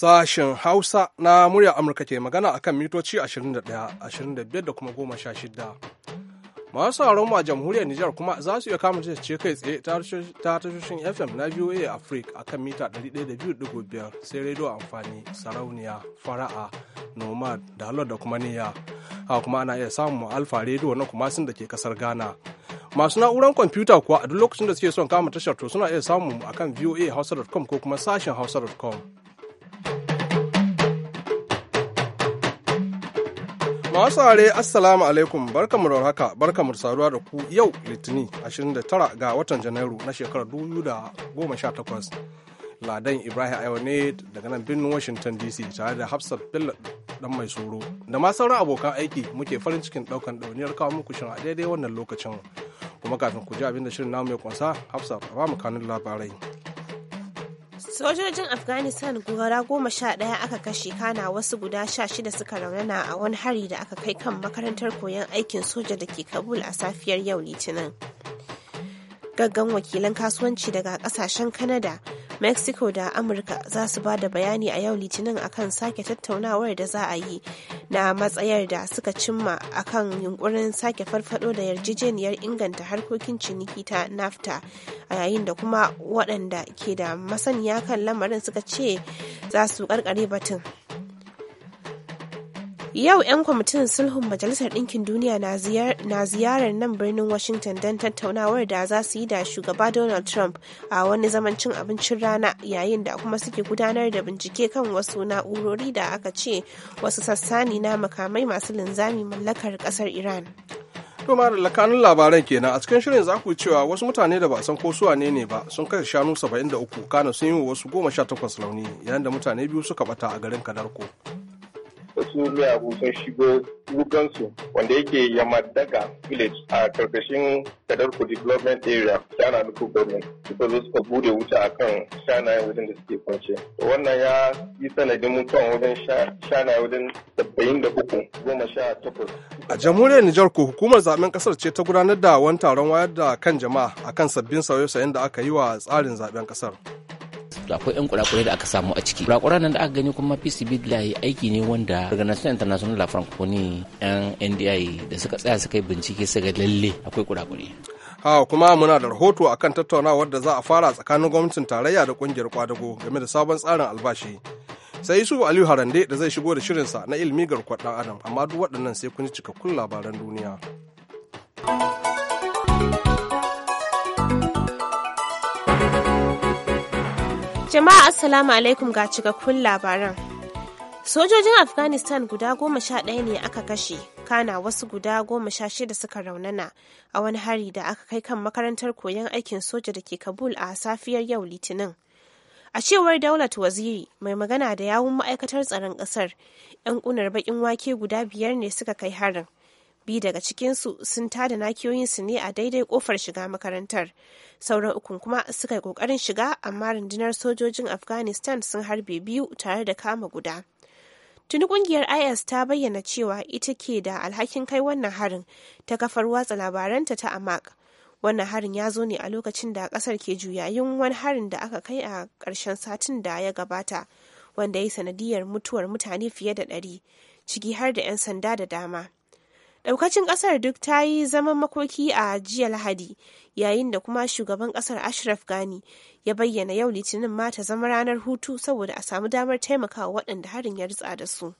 Sashen Hausa na murya Amurka ke magana akan mitoci 21, da kuma 16. Masu mu a jamhuriyar Nijar kuma za su iya kama ce kai tsaye ta tashoshin FM na VOA Africa akan mita 102.5 sai rediyo amfani sarauniya fara'a nomad dalar da kuma niyya. Ha kuma ana iya samun alfa rediyo na kuma sun da ke kasar Ghana. masu na'uran kwamfuta kuwa a duk lokacin da suke son kama tashar to suna iya samun mu VOA hausa.com ko kuma sashen hausa.com. Masu are Assalamu alaikum barkamu da haka barkamu da saduwa da ku yau Litinin 29 ga watan Janairu na shekarar 2018. Ladan Ibrahim Ayo ne daga nan birnin Washington DC tare da Hafsat Bello dan mai soro da ma sauran abokan aiki muke farin cikin daukan dauniyar kawo muku shirin a daidai wannan lokacin. Kuma kafin ku ji abin da shirin namu ya kunsa Hafsat ba mu kanun labarai. sojojin afghanistan gora goma sha ɗaya aka kashe kana wasu guda sha shida suka raunana a wani hari da aka kai kan makarantar koyon aikin soja da ke kabul a safiyar yau litinin gaggan wakilan kasuwanci daga kasashen Kanada mexico da amurka za su ba da bayani a yau litinin akan sake tattaunawar da za a yi na matsayar da suka cimma akan yunkurin sake farfado da yarjejeniyar inganta harkokin ciniki ta nafta a yayin da kuma waɗanda ke da masaniya kan lamarin suka ce za su karkare batun Yau 'yan kwamitin sulhun Majalisar Ɗinkin Duniya na ziyarar nan birnin Washington don tattaunawar da za su yi da shugaba Donald Trump a wani zamancin abincin rana yayin da kuma suke gudanar da bincike kan wasu na'urori da aka ce wasu sassani na makamai masu linzami mallakar kasar Iran. Kuma da lakanun labaran kenan a cikin shirin zaku ku cewa wasu mutane da ba a san ko suwa ne ba sun kashe shanu 73 kana sun yi wa wasu 18 launi yayin da mutane biyu suka bata a garin Kadarko. wasu miyagu sun shigo rugansu wanda yake yamadaga village a karkashin kadarku development area shana nuku government suka zo suka bude wuta akan shanaye wajen da suke kwance wannan ya yi sanadin mutuwan wajen shanaye wajen saba'in da uku goma sha takwas a jamhuriyar nijar ko hukumar zaben kasar ce ta gudanar da wani taron wayar da kan jama'a akan sabbin sauye-sauyen da aka yi wa tsarin zaben kasar akwai yan kurakurai da aka samu a ciki kurakuran nan da aka gani kuma pcb aiki ne wanda organization international la francophonie yan ndi da suka tsaya suka yi bincike suka lalle akwai kurakurai Hawa kuma muna da rahoto akan tattaunawar da za a fara tsakanin gwamnatin tarayya da kungiyar kwadago game da sabon tsarin albashi. Sai Yusuf Aliyu Harande da zai shigo da shirinsa na ilimi garkuwar Adam, amma duk waɗannan sai kun ji cikakkun labaran duniya. Jama'a Assalamu alaikum ga cikakkun labaran. Sojojin Afghanistan guda goma sha ɗaya ne aka kashe, kana wasu guda goma sha shida suka raunana a wani hari da aka kai kan makarantar koyon aikin soja da ke Kabul a safiyar yau Litinin. A cewar Daulat Waziri, mai magana da yawun ma'aikatar tsaron ƙasar, 'yan ƙunar baƙin wake guda biyar ne suka kai harin. Bi daga cikinsu sun tada nakiyoyinsu ne a daidai kofar shiga makarantar. Sauran ukun kuma suka yi kokarin shiga amma rundunar sojojin Afghanistan sun harbe biyu tare da kama guda. Tuni kungiyar IS ta bayyana cewa ita ke da alhakin kai wannan harin ta kafar watsa labaranta ta Amak. Wannan harin ya zo ne a lokacin da kasar ke juyayin wani harin da aka kai a ƙarshen satin da ya gabata, wanda ya sanadiyar mutuwar mutane fiye da ɗari, ciki har da 'yan sanda da dama. daukacin kasar duk ta yi zaman makoki a jiya lahadi yayin da kuma shugaban kasar ashraf gani ya bayyana yau litinin ma ta zama ranar hutu saboda a samu damar taimakawa waɗanda harin ya ritsa da su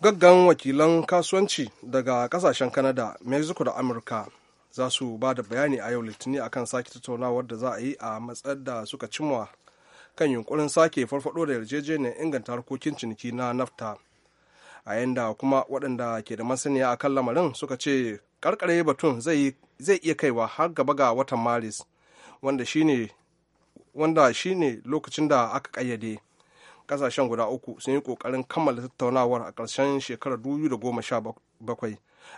gaggan wakilan kasuwanci daga kasashen canada mexico da amurka za su ba da bayani a yau litinin akan sake tattaunawar da za a yi a matsayar da suka cimma kan yunkurin sake farfado da yarjejeniyar inganta harkokin ciniki na nafta a yanda kuma waɗanda ke da masaniya akan lamarin suka ce karkare batun zai iya kaiwa har gaba ga watan maris wanda shine ne lokacin da aka ƙayyade kasashen guda uku sun yi kokarin kammala tattaunawar a ƙarshen shekarar 2017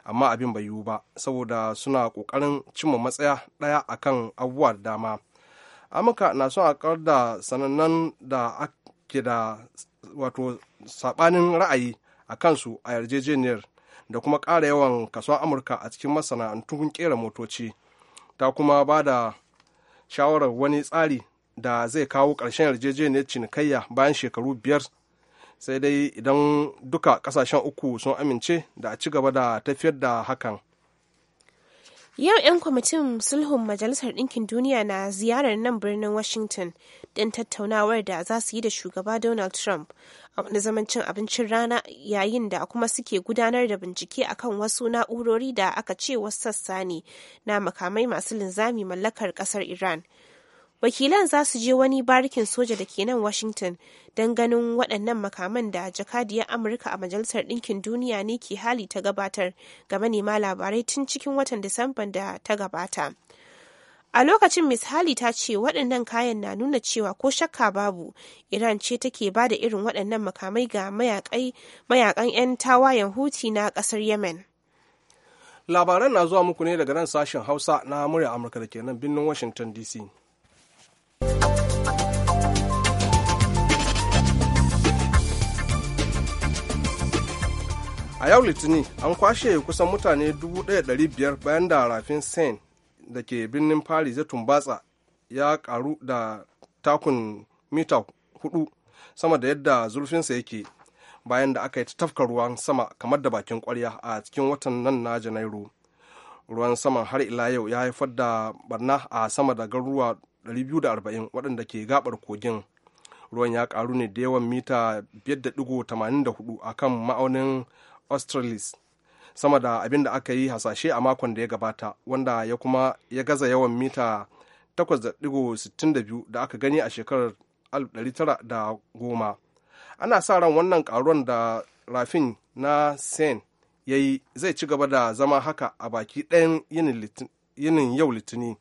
amma abin bai yiwu ba saboda suna kokarin cimma matsaya ɗaya akan abubuwa da dama amurka na son a da sanannen da ake da wato sabanin ra'ayi a kansu a yarjejeniyar da kuma ƙara yawan kaso amurka a cikin masana'antun kera motoci ta kuma ba da shawarar wani tsari da zai kawo ƙarshen yarjejeniyar cinikayya bayan shekaru biyar sai dai idan duka ƙasashen uku sun amince da a ci gaba da tafiyar da hakan Yau 'yan kwamitin sulhun Majalisar Ɗinkin Duniya na ziyarar nan birnin Washington don tattaunawar da za su yi da shugaba Donald Trump a wani zaman abincin rana yayin da kuma suke gudanar da bincike akan wasu na'urori da aka ce wasu sassa ne na makamai masu linzami mallakar ƙasar Iran. wakilan za su je wani barikin soja da ke nan washington don ganin waɗannan makaman da jakadiyar amurka a majalisar ɗinkin duniya ne ke hali ta gabatar ga manema labarai tun cikin watan disamban da ta gabata a lokacin miss hali ta ce waɗannan kayan na nuna cewa ko shakka babu iran ce take ba da irin waɗannan makamai ga mayakan 'yan tawayen huti na ƙasar yemen labaran na zuwa muku ne daga nan sashen hausa na murya amurka da ke nan birnin washington dc a yau litinin an kwashe kusan mutane 1,500 bayan da rafin seine da ke birnin paris ya tumbatsa ya karu da takun mita huɗu sama da yadda zurfinsa yake bayan da aka yi tafka ruwan sama kamar da bakin kwarya a cikin watan nan na janairu ruwan saman har ila yau ya haifar da barna a sama da garuruwa 240 waɗanda ke gabar kogin ruwan ya karu ne da yawan mita 5.84 a kan ma'aunin australis sama da abin da aka yi hasashe a makon da ya gabata wanda ya kuma ya gaza yawan mita 8.62 da aka gani a shekarar 1910 ana sa ran wannan karuwan da rafin na sen ya yi zai ci gaba da zama haka a baki ɗayan yinin yau litini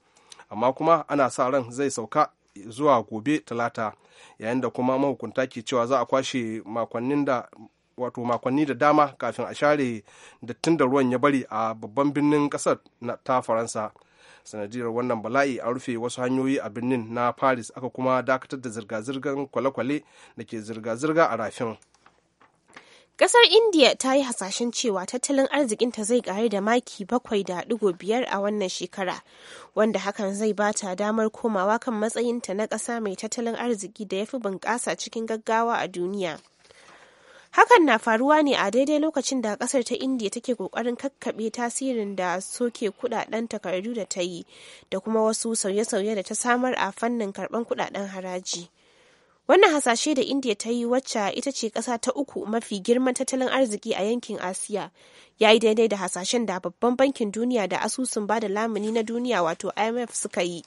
amma kuma ana sa ran zai sauka zuwa gobe talata yayin da kuma mahukunta ke cewa za a kwashe makonnin da wato makonni da dama kafin a share dattin da ruwan ya bari a babban birnin kasar ta faransa sanadiyar wannan bala'i a rufe wasu hanyoyi a birnin na paris aka kuma dakatar da zirga-zirgar kwale-kwale da ke zirga-zirga a rafin Ƙasar India ta yi hasashen cewa tattalin arzikinta zai kare da maki bakwai da ɗigo biyar a wannan shekara, wanda hakan zai ba ta damar komawa kan matsayinta na ƙasa mai tattalin arziki da ya fi bunƙasa cikin gaggawa a duniya. Hakan na faruwa ne a daidai lokacin da kasar ta India take kokarin kakkaɓe tasirin da soke kudaden takardu da ta yi da kuma wasu sauye-sauye da ta samar a fannin karɓan kudaden haraji. Wannan hasashe da India ta yi wacce ita ce ƙasa ta uku mafi girman tattalin arziki a yankin Asiya, ya yi daidai da hasashen da Babban Bankin Duniya da asusun bada lamuni na duniya wato IMF suka yi.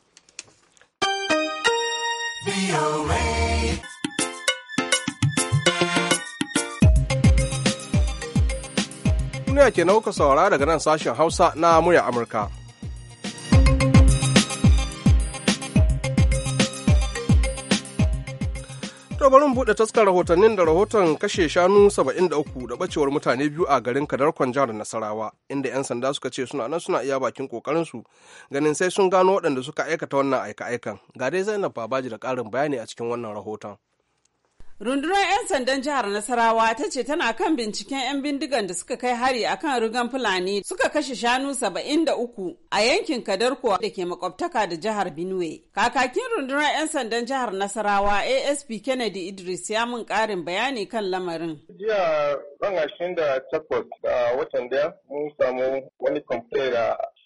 Duniya ke nauka saurara daga nan sashen Hausa na murya Amurka. bari mu buɗe taskar rahotannin da rahoton kashe shanu 73 da bacewar mutane biyu a garin Kadarkon jihar Nasarawa inda 'yan sanda suka ce suna nan suna iya bakin kokarin su ganin sai sun gano waɗanda suka aikata wannan aika-aikan. Ga dai Zainab Babaji da ƙarin bayani a cikin wannan rahoton. rundunar 'yan sandan jihar nasarawa ta ce tana kan binciken 'yan bindigan da suka kai hari a kan rigan fulani suka kashe shanu 73 a yankin kadarko da ke makwabtaka da jihar benue kakakin rundunar 'yan sandan jihar nasarawa asp kennedy idris ya mun karin bayani kan lamarin jiya ran 28 watan daya mun samu wani complaint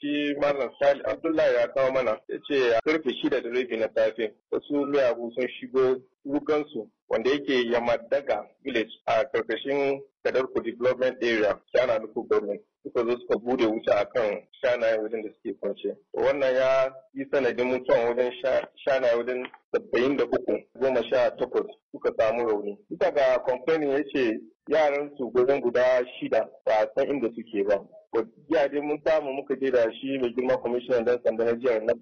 shi malam sali abdullahi ya kawo mana ya ce a karfe shida da rabi na safe wasu miyagu sun shigo rugansu wanda yake yamadaga village a karkashin gadar development area shana nuku government suka zo suka bude wuta akan shanaye wajen da suke kwance wannan ya yi sanadin mutuwan wajen shanaye wajen saba'in da uku goma sha takwas suka samu rauni bisa ga kwamfani ya ce yaran su guda shida ba a san inda suke ba jiya dai mun samu muka je da shi mai girma kwamishinan dan sanda na jiya na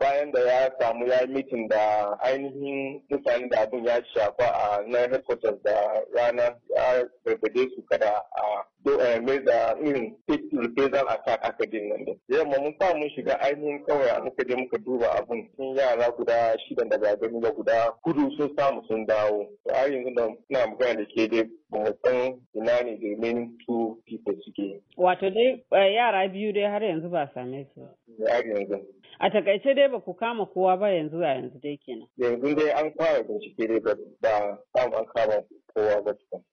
bayan da ya samu ya yi mitin da ainihin mutane da abin ya shafa a na headquarters da rana ya gargade su kada a made da irin take reprisal attack aka din nan da ya mun fa mun shiga ainihin kawai muka je muka duba abun sun yara guda shidan da ba gani da guda kudu sun samu sun dawo to a yanzu da muna magana da ke dai ba san ina ne da remaining two people suke wato dai yara biyu dai har yanzu ba same su har yanzu a takaice dai ba ku kama kowa ba yanzu a yanzu dai kenan yanzu dai an fara bincike dai ba ba an kama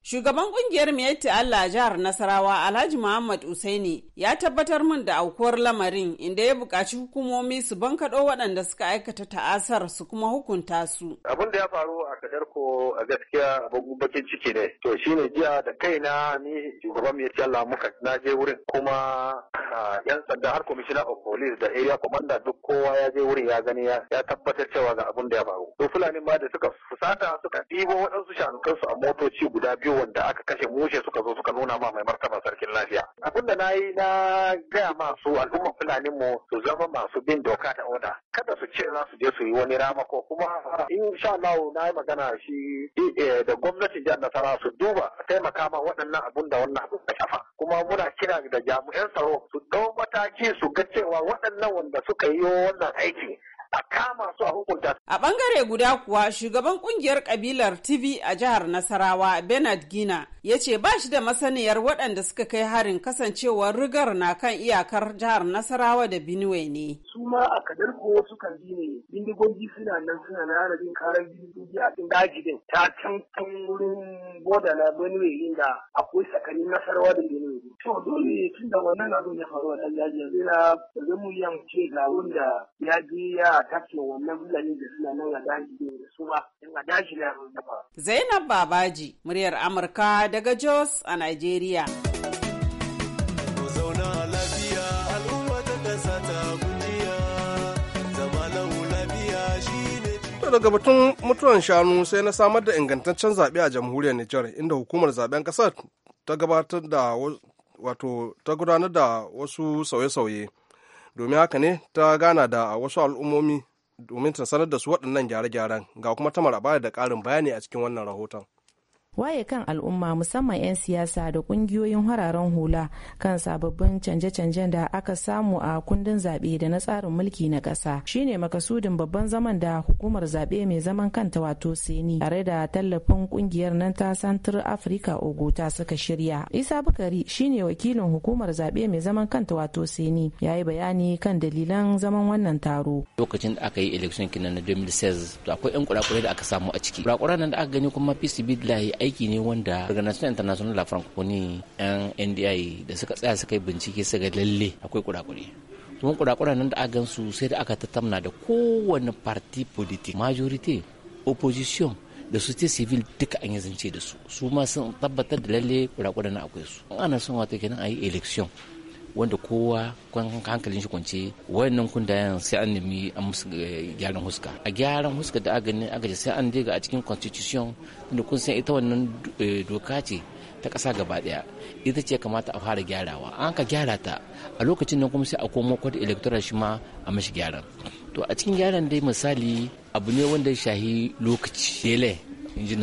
Shugaban kungiyar miyatti Allah a jihar Nasarawa Alhaji Muhammad Usaini ya tabbatar min da aukuwar lamarin inda ya buƙaci hukumomi su bankaɗo waɗanda suka aikata ta'asar su kuma hukunta su. Abin da ya faru a Kadarko a gaskiya bakin ciki ne. To shine jiya da kaina ni shugaban Miyetti Allah muka na je wurin kuma yan sanda har commissioner of police da area commander duk kowa ya je wurin ya gani ya tabbatar cewa ga abin da ya faru. To Fulani ma da suka fusata suka ɗibo waɗansu shanukansu amma. motoci guda biyu wanda aka kashe mushe suka zo suka nuna ma mai martaba sarkin lafiya abin da na yi na gaya masu al'umma fulani mu su zama masu bin doka da oda kada su ce za su je su yi wani ko kuma in sha Allah na yi magana shi eh, eh, da gwamnatin jihar Nasarawa su duba taimaka ma waɗannan abun da wannan abun shafa kuma muna kira da jami'an tsaro su ɗau mataki su ga cewa waɗannan wanda suka yi wannan aiki a kama su a hukunta. A bangare guda kuwa shugaban kungiyar kabilar TV a jihar Nasarawa Bernard Gina ya ce ba shi da masaniyar waɗanda suka kai harin kasancewar rigar na kan iyakar jihar Nasarawa da Benue ne. Su ma a kadar ko sukan bi ne bindigogi suna nan suna na harabin karar bindigogi a cikin daji din ta can wurin boda na Benue inda akwai tsakanin Nasarawa da Benue. To dole tun da wannan abin ya faru a kan daji yanzu na zai mu yamce ga wanda ya je ya wannan da suna a da su ba in a Zainab Babaji, muryar Amurka daga Jos a Nigeria. daga batun mutuwan shanu sai na samar da ingantaccen zaɓe a jamhuriyar Nijar inda hukumar zaɓen ƙasar ta gabatar da wato ta gudanar da wasu sauye-sauye domin haka ne ta gana da wasu al'ummomi domin ta sanar da su waɗannan gyare-gyaren ga kuma tamar a da ƙarin bayani a cikin wannan rahoton. waye kan al'umma musamman 'yan siyasa da kungiyoyin hararen hula kan sababbin canje-canjen da aka samu a kundin zaɓe da na tsarin mulki na ƙasa shine makasudin babban zaman da hukumar zaɓe mai zaman kanta wato seni tare da tallafin kungiyar nan ta santir afirka ta suka shirya isa bukari shine wakilin hukumar zaɓe mai zaman kanta wato seni ya yi bayani kan dalilan zaman wannan taro lokacin da aka yi election kinan na 2016 to akwai 'yan kurakurai da aka samu a ciki kurakuran nan da aka gani kuma pcb lahi aiki ne wanda organization International La Francophonie yan NDI da suka tsaya suka yi bincike suka lalle akwai kurakure. Kuma kurakuren nan da aka gansu sai da aka tattamna da kowane parti politik majority opposition da su ce civil duka an zance da su su ma sun tabbatar da lalle kurakuren na akwai su ana son wata kenan a yi election wanda kowa hankalin shi kwance wayannan kundayen sai an nemi a musu eh, gyaran huska a gyaran huska da agani gani sai an daga a cikin constitution da kun san ita wannan eh, doka ce ta kasa gaba ɗaya ita ce kamata a fara gyarawa an ka gyara ta a lokacin nan kuma sai a komo kwad electoral shi ma a mashi gyaran to a cikin gyaran dai misali abu ne wanda ya shahi lokaci dele in ji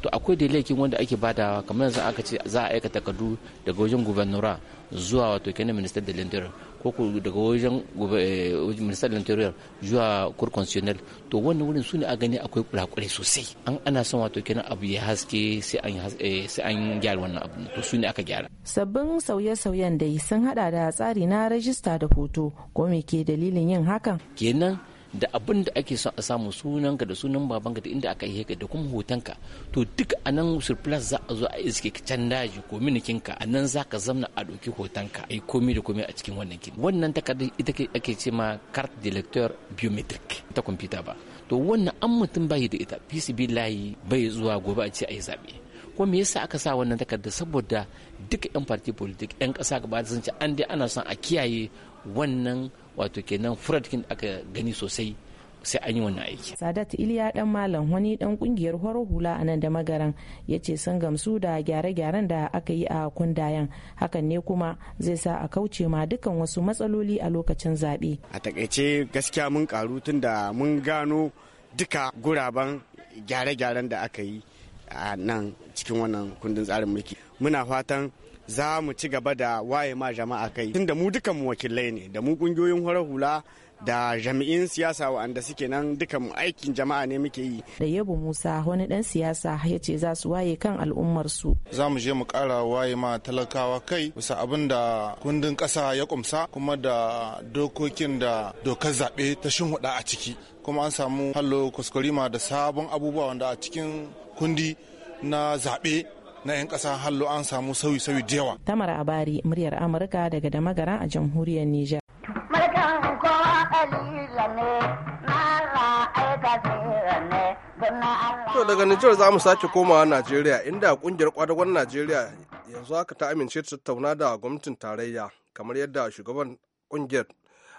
to akwai da laifin wanda ake badawa kamar yanzu aka ce za a aika takardu daga wajen gubernura zuwa wato kenan minister da lintar ko daga wajen eh, minister da lintar zuwa kur constitutional to wannan wurin su ne a gani akwai kurakure sosai an ana son wato kenan abu ya haske eh, sai an gyara wannan abu to su ne aka gyara sabbin sauye-sauyen dai sun hada da tsari na rajista da hoto ko me ke dalilin yin hakan kenan da abin da ake son a samu sunanka da sunan babanka da inda aka yi ka da kuma ka to duk a nan surplus za a zo a iske can daji ko minikinka a nan za ka zamna a ɗauki ka a yi komi da komi a cikin wannan kin wannan takardar ita ake ce ma carte lecteur biometric ta kwamfuta ba to wannan an mutum bai da ita pcb layi bai zuwa gobe a ce a yi zaɓe ko me yasa aka sa wannan takardar saboda duka yan party politik yan ƙasa gaba sun ce an dai ana son a kiyaye wannan wato kenan furar aka gani sosai sai an yi wannan aiki. Sadat Iliya dan Malam wani dan kungiyar horo hula a nan da magaran ya ce sun gamsu da gyare-gyaren da aka yi a kundayen hakan ne kuma zai sa a kauce ma dukkan wasu matsaloli a lokacin zaɓe. A takaice gaskiya mun karu tun da mun gano duka guraben gyare-gyaren da aka yi a nan cikin wannan kundin tsarin mulki. Muna fatan za mu ci gaba da waye ma jama'a kai da mu dukan mu wakilai ne da mu kungiyoyin horar hula da jami'in siyasa wa'anda suke nan duka dukan aikin jama'a ne muke yi. Da yabo Musa wani dan siyasa ya ce za su waye kan al'ummar su. Za mu je mu kara waye ma talakawa kai bisa abin da kundin ƙasa ya ƙumsa. kuma da dokokin da dokar zaɓe ta shin huɗa a ciki kuma an samu hallo kuskurima da sabon abubuwa wanda a cikin kundi na zaɓe na 'yan ƙasa hallo an samu sauyi-sauyi da yawa. Tamar Abari, muryar Amurka daga Damagara a jamhuriyar Nijar. Mulkin ƙalila ne, na ne, To daga Nijar za mu sake komawa Najeriya inda kungiyar kwadagon Najeriya yanzu haka ta amince ta tattauna da gwamnatin tarayya kamar yadda shugaban kungiyar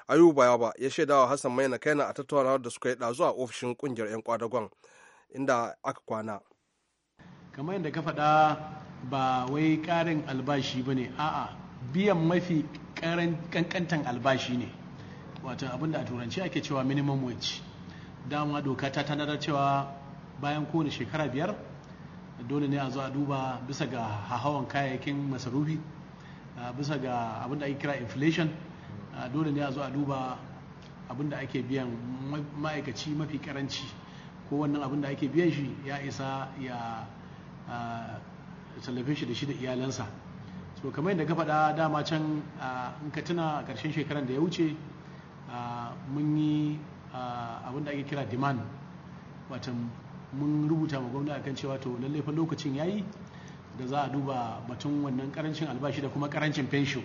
Ayuba ba ya shaidawa Hassan Maina Kaina a tattaunawar da suka yi ɗazu a ofishin kungiyar 'yan kwadagon inda aka kwana. kamar yadda ka faɗa ba wai ƙarin albashi ba ne a'a biyan mafi ƙanƙantan albashi ne wato abinda a turanci ake cewa minimum wage dama doka ta tanadar cewa bayan kowane shekara biyar dole ne a zo a duba bisa ga hawan kayayyakin masarufi bisa ga abinda ake kira inflation dole ne a zo a duba abinda ake biyan ma'aikaci mafi karanci ko wannan abinda ake biyan shi ya isa ya tallafe shi da shi da iyalansa so kamar yadda ka faɗa dama can in ka tuna a ƙarshen shekaran da ya wuce mun yi abin da ake kira demand watan mun rubuta ma gwamna akan cewa to lallai fa lokacin yayi da za a duba batun wannan karancin albashi da kuma karancin fensho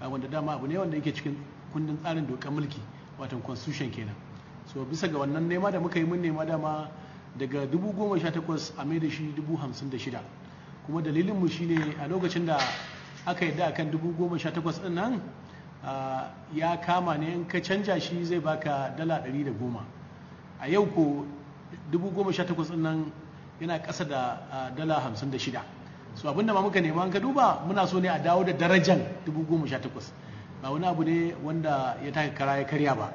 wanda dama abu ne wanda yake cikin kundin tsarin dokar mulki watan constitution kenan so bisa ga wannan nema da muka yi mun nema dama daga 2018 a mai da shi 56 kuma dalilinmu shi ne a lokacin da aka yadda kan 2018 din nan ya kama ne in ka canja shi zai baka dala 110 a yau ko 2018 din nan yana ƙasa da dala 56 so abinda ma muka nema ka duba muna so ne a dawo da darajan 2018 ba wani abu ne wanda ya taka kara ya karya ba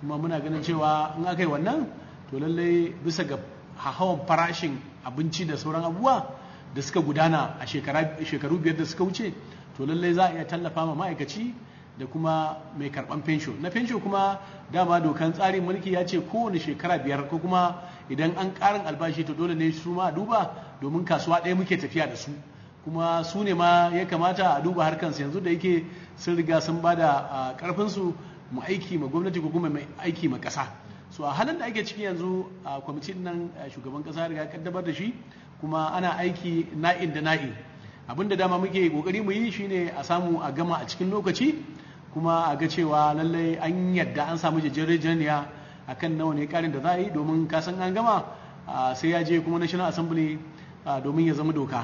kuma muna ganin cewa in aka yi wannan to lallai bisa ga hawan farashin abinci da sauran abubuwa da suka gudana a shekaru biyar da suka wuce to lallai za a iya tallafa ma ma'aikaci da kuma mai karban fensho na fensho kuma dama dokan tsarin mulki ya ce kowane shekara biyar ko kuma idan an karin albashi to dole ne su ma a duba domin kasuwa ɗaya muke tafiya da su kuma su ne ma ya kamata a duba harkansu yanzu da yake sun riga sun bada karfin ah, su mu aiki ma gwamnati ko kuma mai aiki ma ƙasa so a halin da ake ciki yanzu a kwamitin nan shugaban kasa riga kaddamar da shi kuma ana aiki na'in da na'in da dama muke kokari mu yi shine a samu a gama a cikin lokaci kuma a ga cewa lallai an yadda an samu a kan nawa ne karin da za a yi domin kasan an gama sai ya je kuma national assembly domin ya zama doka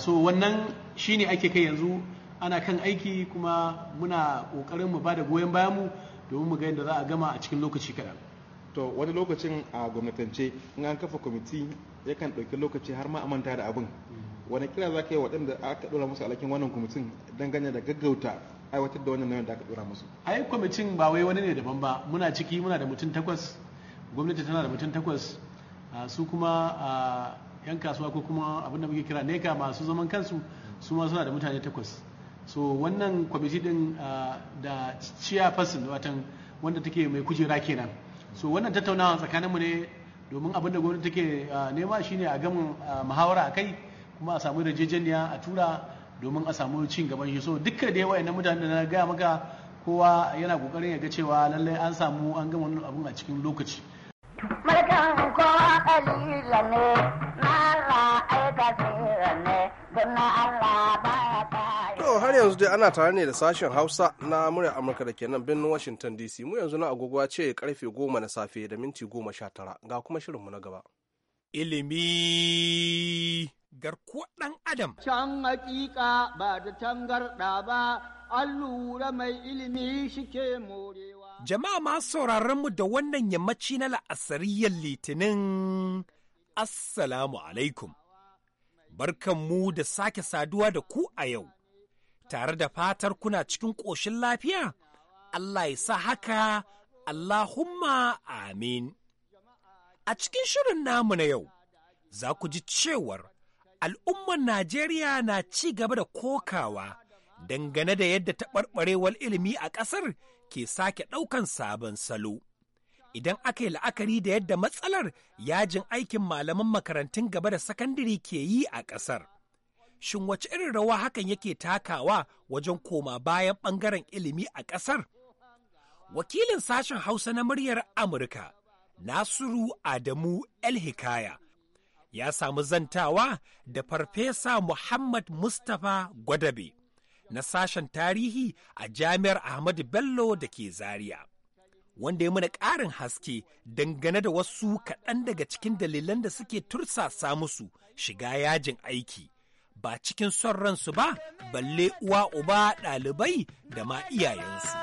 so wannan shine ake kai yanzu ana kan aiki kuma muna kokarin mu ba da goyon bayan mu domin mu ga yadda za a gama a cikin lokaci kaɗan to wani lokacin a gwamnatance in an kafa kwamiti yakan ɗauki lokaci har ma a manta da abin wani kira za ka yi waɗanda aka ɗora musu alhakin wannan kwamitin ganya da gaggauta aiwatar da wannan nauyin da aka ɗora musu ai kwamitin ba wai wani ne daban ba muna ciki muna da mutum takwas gwamnati tana da mutum takwas ah, su kuma ah, yan kasuwa ko kuma abin da muke kira neka masu zaman kansu su ma suna da mutane takwas so wannan kwamiti din ah, da chairperson watan wanda take mai kujera kenan so wannan tattaunawa tsakaninmu ne domin abin da gwamnati take ah, nema shine a gama ah, muhawara a kai kuma a samu yarjejeniya a tura domin a samu cin gaban shi so dukkan da yawa mutane da na gaya maka kowa yana kokarin ya ga cewa lallai an samu an gama wannan abun a cikin lokaci mulkin kowa ne na ne don Allah yanzu dai ana tare ne da sashen Hausa na murya Amurka da ke nan birnin Washington DC. Mu yanzu na agogo ce karfe goma na safe da minti goma sha tara ga kuma shirin mu na gaba. Ilimi garkuwa ɗan Adam. Can hakika ba da tangarɗa ba, allura mai ilimi shike morewa. Jama'a ma sauraron mu da wannan yammaci na la'asariyar litinin Assalamu alaikum. Barkan mu da sake saduwa da ku a yau. tare da fatar kuna cikin ƙoshin lafiya? Allah ya sa haka, Allahumma amin. A cikin shirin namu na yau, za ku ji cewar al'ummar Najeriya na ci gaba da kokawa dangane da yadda taɓarɓarewar ilimi a ƙasar ke sake ɗaukan sabon salo. Idan aka yi la'akari da yadda matsalar yajin aikin malaman makarantun gaba da sakandare ke yi a ƙasar. shin wace irin rawa hakan yake takawa wajen koma bayan ɓangaren ilimi a ƙasar? Wakilin sashen Hausa na muryar Amurka, Nasiru Adamu El-Hikaya, ya samu zantawa da Farfesa Muhammad Mustapha Gwadabe na sashen tarihi a Jami'ar Ahmadu Bello da ke Zaria. Wanda ya mana ƙarin haske dangane da wasu kaɗan daga cikin dalilan da suke tursasa musu shiga yajin aiki. ba cikin son ransu ba balle uwa uba ɗalibai da ma iyayensu.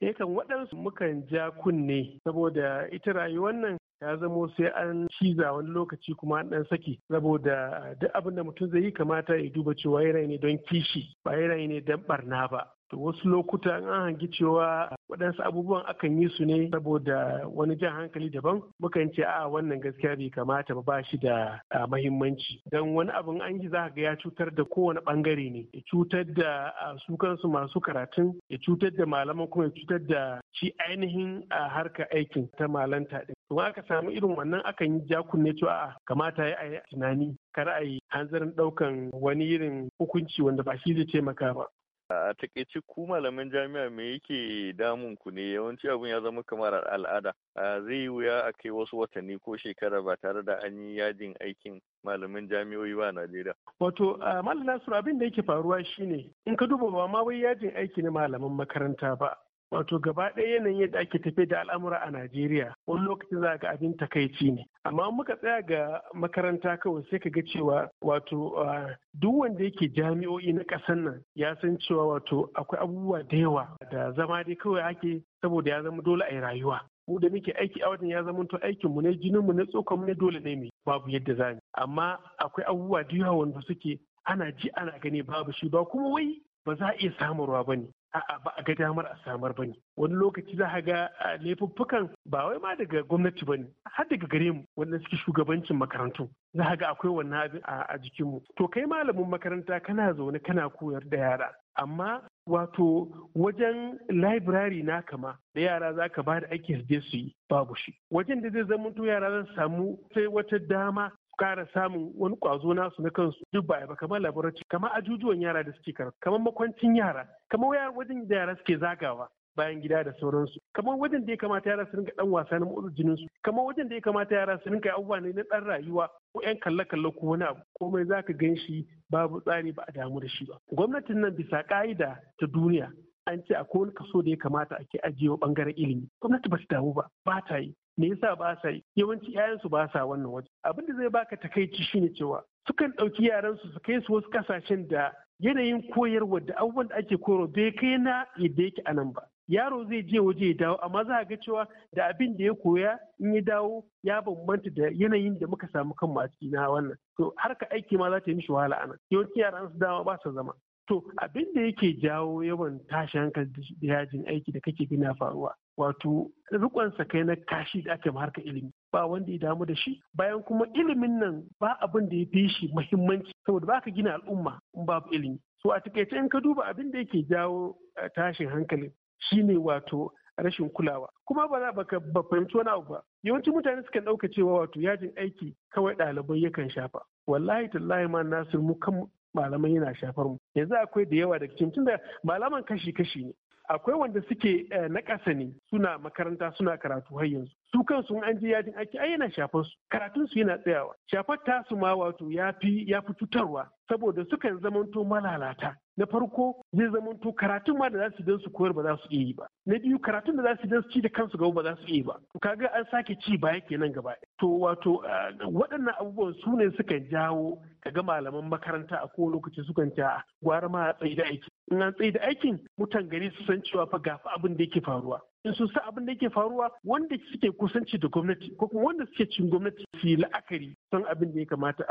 Eh kan waɗansu mukan ja kunne saboda ita rayuwar nan ya zamo sai an ciza wani lokaci kuma an ɗan saki saboda duk abin da mutum zai yi kamata ya duba cewa yanayi ne don kishi ba yanayi ne don barna ba To wasu lokuta an hangi cewa waɗansu abubuwan akan yi su ne saboda wani jan hankali daban mukan ce a wannan gaskiya bai kamata ba shi da ah, mahimmanci don wani abin an yi za ga ya cutar da kowane ɓangare ne ya cutar da ah, su kansu masu karatun ya cutar da malaman kuma ya cutar da shi ainihin ah, harkar aikin ta malanta ɗin. to aka samu irin wannan akan yi jakunne cewa kamata ya yi tunani kar a yi hanzarin ɗaukan wani irin hukunci wanda ba shi zai taimaka ba. a takaice ku malaman jami'a me yake damun ku ne yawanci abun ya zama kamar al'ada zai wuya a kai wasu watanni ko shekara ba tare da an yi yajin aikin malaman jami'o'i ba a Najeriya. Wato malam Nasiru abin da yake faruwa shine in ka duba ba ma wai yajin aiki na malaman makaranta ba wato gaba ɗaya yanayin yadda ake tafi da al'amura a najeriya wani lokacin za ga abin takaici ne amma muka tsaya ga makaranta kawai sai ka ga cewa wato duk wanda yake jami'o'i na ƙasar nan ya san cewa wato akwai abubuwa da yawa da zama dai kawai ake saboda ya zama dole a yi rayuwa mu da muke aiki a wajen ya zama to aikin mu ne jinin mu ne tsokon mu ne dole ne mu babu yadda za mu amma akwai abubuwa da yawa wanda suke ana ji ana gani babu shi ba kuma wai ba za a iya samun ba ne a'a ba a ga damar a samar ba ne. wani lokaci za a ga laifuffukan ba wai ma daga gwamnati ba ne. har daga gare mu wanda suke shugabancin makarantu za a ga akwai wannan abin a jikinmu to kai malamin makaranta kana zaune kana koyar da yara amma wato wajen library na kama da yara za ka ba da ake je su yi babu shi wajen da zai to yara zan samu sai wata dama kara samun wani kwazo nasu na kansu duk baya ba kamar laboratory kamar ajujuwan yara da suke karatu kamar makwancin yara kamar wajen da yara suke zagawa bayan gida da sauransu kamar wajen da ya kamata yara su rinka dan wasa na motsa jinin su kamar wajen da ya kamata yara su rinka abubuwa ne na dan rayuwa ko yan kalle kalle ko wani abu komai zaka gan shi babu tsari ba a damu da shi ba gwamnatin nan bisa ka'ida ta duniya an ce akwai wani kaso da ya kamata ake ajiye bangaren ilimi gwamnati ba su damu ba ba ta yi me yasa ba sa yi yawanci 'ya'yansu ba sa wannan waje abin da zai baka takaici shine cewa sukan ɗauki yaran su su kai su wasu kasashen da yanayin koyarwa da abubuwan da ake koyarwa bai kai na yadda yake a nan ba yaro zai je waje ya dawo amma za a ga cewa da abin da ya koya in ya dawo ya bambanta da yanayin da muka samu kan a na wannan to har ka aiki ma za ta yi mishi wahala a nan yawanci yaran su dama ba su zama To abin da yake jawo yawan tashi hankali da yajin aiki da kake gina faruwa wato rikon kai na kashi da aka harka ilimi ba wanda ya damu da shi bayan kuma ilimin nan ba abin da ya fi shi muhimmanci saboda ba ka gina al'umma in babu ilimi so a takaice in ka duba abin da yake jawo eh, tashin hankali shine wato rashin kulawa kuma ba za baka ba fahimci wani abu ba yawancin mutane sukan ɗauka cewa wato yajin aiki kawai ɗalibai yakan shafa wallahi tallahi ma nasir mu kan malaman yana shafar mu yanzu akwai da yawa daga cikin tunda malaman kashi kashi ne akwai wanda suke eh, na ƙasa ne suna makaranta suna karatu har yanzu su kansu an je yajin aiki ai yana shafar su karatun su yana tsayawa shafar tasu ma wato ya fi ya fi cutarwa saboda sukan zamanto malalata na farko zai to karatun ma da za su don su koyar ba za su iya yi ba na biyu karatun da za su don su ci da kansu gaba ba za su iya yi ba kaga an sake ci baya kenan gaba to wato waɗannan abubuwan su ne suka jawo kaga malaman makaranta a kowane lokaci suka ta gwara ma a tsaye da aiki in an tsaye da aikin mutan gari su san cewa fa gafa abin da yake faruwa sun sa abin da yake faruwa wanda suke kusanci da gwamnati ko kuma wanda suke cin gwamnati su yi la'akari son abin da ya kamata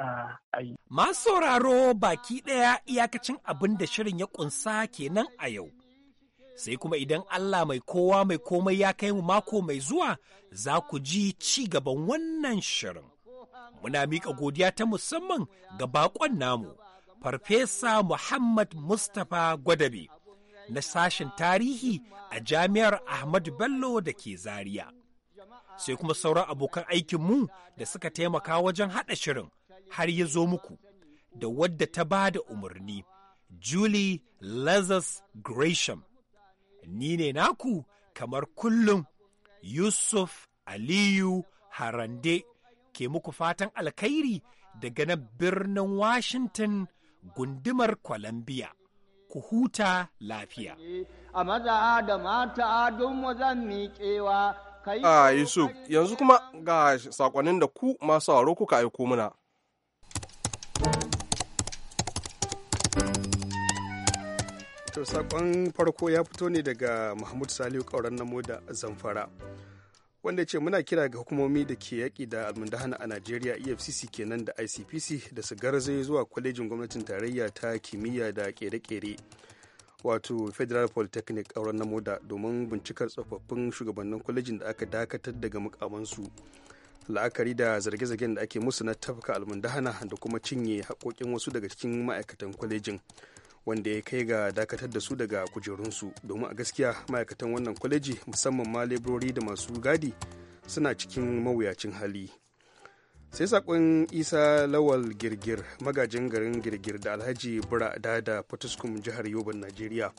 a yi. Masu sauraro baki ɗaya iyakacin abin da shirin ya kunsa kenan a yau. Sai kuma idan Allah mai kowa mai komai ya kai mu mako mai zuwa za ku ji ci gaban wannan shirin. Muna miƙa godiya ta musamman ga bakon namu, Farfesa Muhammad Mustapha Gwadabi. na sashen tarihi a jami'ar Ahmadu Bello da ke Zariya, Sai kuma sauran abokan aikinmu da suka taimaka wajen haɗa shirin har ya zo muku da wadda ta ba da umarni, Julie Lazarus Gresham. Ni ne naku kamar kullum Yusuf Aliyu Harande ke muku fatan alkhairi daga nan birnin Washington gundumar Columbia. ku huta lafiya. A maza da mata don zan miƙewa. A ah, Yusuf, yanzu kuma ga saƙonin da ku masu aro kuka aiko muna. To, saƙon farko ya fito ne daga Mahmud Salihu ƙauran namo da Zamfara. wanda ya ce muna kira ga hukumomi da ke yaƙi da almundahana a najeriya efcc kenan da icpc da su garzai zuwa kwalejin gwamnatin tarayya ta kimiyya da ƙere-ƙere wato federal polytechnic auren na moda domin bincikar tsofaffin shugabannin kwalejin da aka dakatar daga mukamansu la'akari da zarge-zargen da ake musu na tafka almundahana da kuma cinye haƙoƙin wasu daga cikin ma'aikatan kwalejin wanda ya kai ga dakatar da su daga kujerunsu domin a gaskiya ma'aikatan wannan kwaleji musamman ma leburori da masu gadi suna cikin mawuyacin hali sai sakon isa lawal girgir magajin garin girgir da alhaji bura da Potiskum jihar yoban najeriya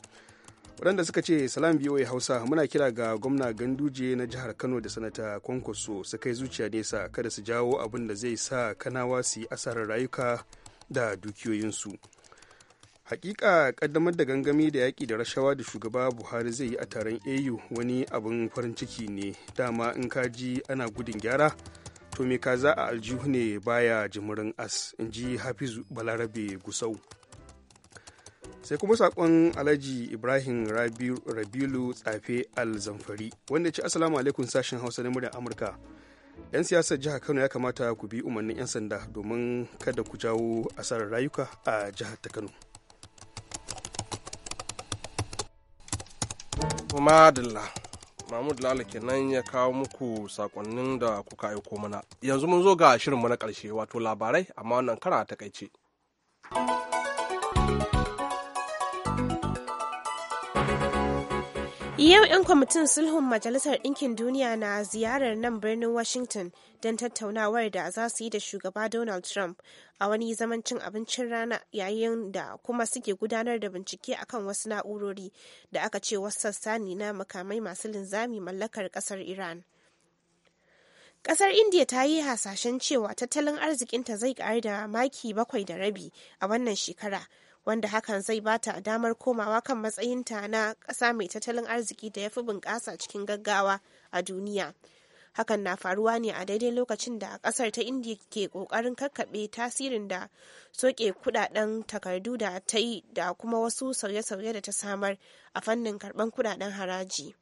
waɗanda suka ce salam voa hausa muna kira ga gwamna ganduje na jihar kano da sanata kwankwaso su kai zuciya nesa kada su jawo abin da zai sa kanawa su yi asarar rayuka da dukiyoyinsu hakika kaddamar da gangami da yaki da rashawa da shugaba buhari zai yi a taron au wani abin farin ciki ne dama in ka ji ana gudun gyara to me ka za a aljihu ne baya jimurin as in ji hafizu balarabe gusau sai kuma saƙon alhaji ibrahim rabilu tsafe alzamfari wanda ci asalamu alaikum sashen hausa na muryar amurka 'yan siyasar jihar kano ya kamata ku bi umarnin 'yan sanda domin kada ku jawo asarar rayuka a jihar ta kano madalla mahmud lala kenan ya kawo muku sakonnin da kuka aiko mana yanzu mun zo ga shirinmu na ƙarshe wato labarai amma wannan kara takaice. Yau 'yan kwamitin sulhun Majalisar Ɗinkin Duniya na ziyarar nan birnin Washington don tattaunawar da za su yi da shugaba Donald Trump a wani zaman cin abincin rana yayin da kuma suke gudanar da bincike akan wasu na'urori da aka ce wasu sassa ne na makamai masu linzami mallakar ƙasar Iran. Ƙasar India ta yi hasashen cewa tattalin arzikinta zai ƙaru da maki bakwai da rabi a wannan shekara. wanda hakan zai ba ta damar komawa kan matsayinta na ƙasa mai tattalin arziki da ya fi bunƙasa cikin gaggawa a duniya. Hakan na faruwa ne a daidai lokacin da ƙasar ta Indiya ke ƙoƙarin karkaɓe tasirin da soke kudaden takardu da ta yi da kuma wasu sauye-sauye da ta samar a fannin karɓan kudaden haraji.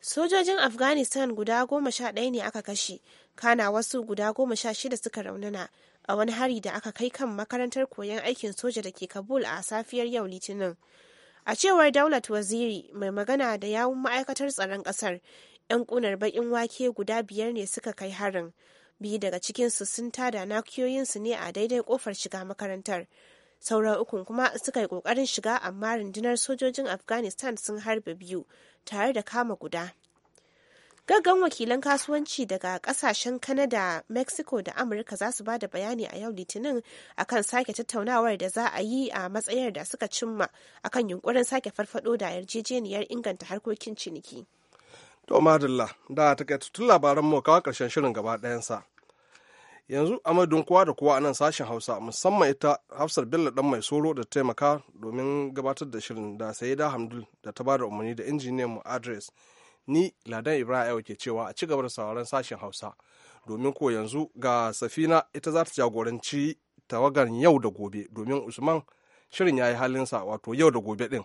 Sojojin Afghanistan guda goma sha ɗaya ne aka kashe, kana wasu guda goma sha shida suka raunana a wani hari da aka kai kan makarantar koyon aikin soja da ke kabul a safiyar yau litinin a cewar daulat waziri mai magana da yawun ma'aikatar tsaron kasar 'yan kunar bakin wake guda biyar ne suka kai harin biyu daga cikinsu sun tada nakiyoyinsu ne a daidai kofar shiga makarantar sauran ukun kuma suka yi kokarin shiga amma rundunar sojojin afghanistan sun harbe biyu tare da kama guda Gaggan wakilan kasuwanci daga kasashen kanada Mexico da Amurka za su ba da bayani a yau Litinin akan sake tattaunawar da za a yi a matsayar da suka cimma akan yunkurin sake farfado da yarjejeniyar inganta harkokin ciniki. To madalla, da takaitattun labaran mu kawo karshen shirin gaba ɗayansa. Yanzu amadun kowa da kowa a nan sashen Hausa musamman ita hafsar Bello dan mai soro da taimaka domin gabatar da shirin da Sayyida Hamdul da ta ba da umarni da injiniyan mu Adres. ni ladan ibrahim ke cewa a ci gaba da sauran sashen hausa domin ko yanzu ga safina ita za ta jagoranci tawagar yau da gobe domin usman shirin ya yi halinsa wato yau da gobe din